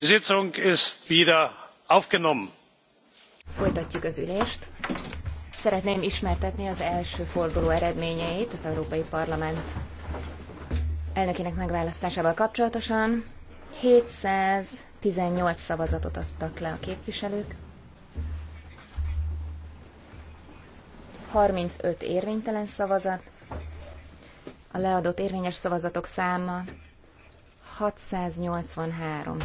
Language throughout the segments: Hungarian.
Sitzung ist wieder aufgenommen. Folytatjuk az ülést. Szeretném ismertetni az első forduló eredményeit az Európai Parlament elnökének megválasztásával kapcsolatosan. 718 szavazatot adtak le a képviselők. 35 érvénytelen szavazat, a leadott érvényes szavazatok száma 683.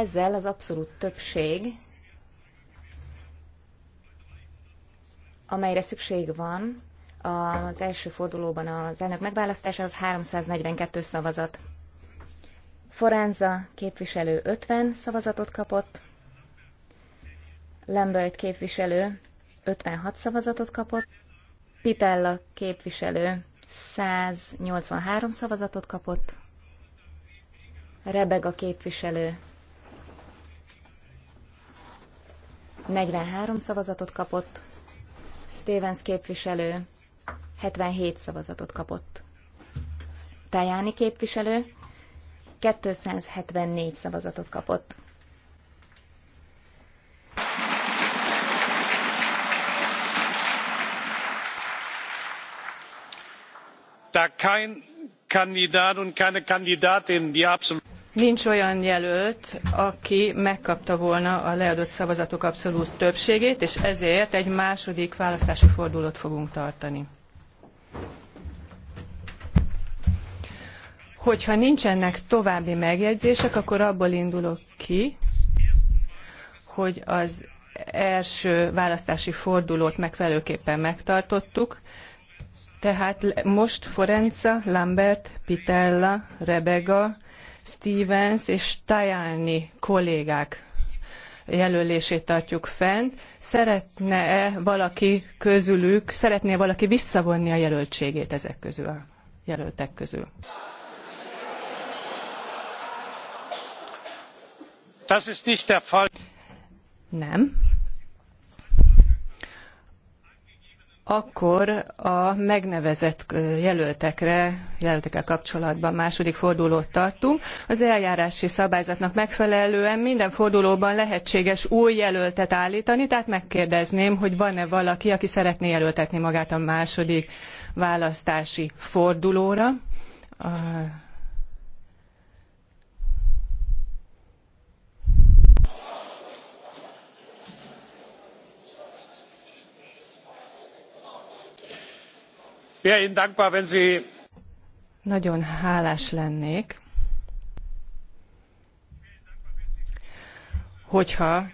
Ezzel az abszolút többség, amelyre szükség van az első fordulóban az elnök megválasztása, az 342 szavazat. Forenza képviselő 50 szavazatot kapott, Lambert képviselő 56 szavazatot kapott, Pitella képviselő 183 szavazatot kapott, Rebega képviselő 43 szavazatot kapott, Stevens képviselő 77 szavazatot kapott. Tajáni képviselő 274 szavazatot kapott. Da kein Kandidat und keine Kandidatin die absolut nincs olyan jelölt, aki megkapta volna a leadott szavazatok abszolút többségét, és ezért egy második választási fordulót fogunk tartani. Hogyha nincsenek további megjegyzések, akkor abból indulok ki, hogy az első választási fordulót megfelelőképpen megtartottuk, tehát most Forenza, Lambert, Pitella, Rebega, Stevens és Tajani kollégák jelölését tartjuk fent. Szeretne-e valaki közülük, szeretné valaki visszavonni a jelöltségét ezek közül, a jelöltek közül? Das ist nicht der Fall. Nem. akkor a megnevezett jelöltekre, jelöltekkel kapcsolatban második fordulót tartunk. Az eljárási szabályzatnak megfelelően minden fordulóban lehetséges új jelöltet állítani, tehát megkérdezném, hogy van-e valaki, aki szeretné jelöltetni magát a második választási fordulóra. Nagyon hálás lennék, hogyha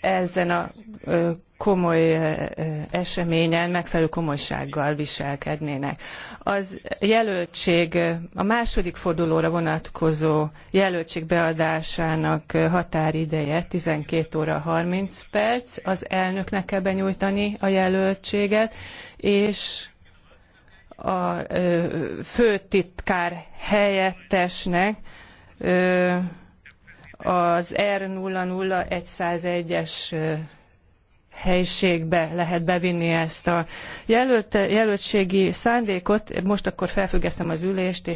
ezen a komoly eseményen megfelelő komolysággal viselkednének. Az jelöltség, a második fordulóra vonatkozó jelöltség beadásának határideje 12 óra 30 perc, az elnöknek kell benyújtani a jelöltséget, és a főtitkár helyettesnek az R00101-es helységbe lehet bevinni ezt a jelölt, jelöltségi szándékot. Most akkor felfüggesztem az ülést, és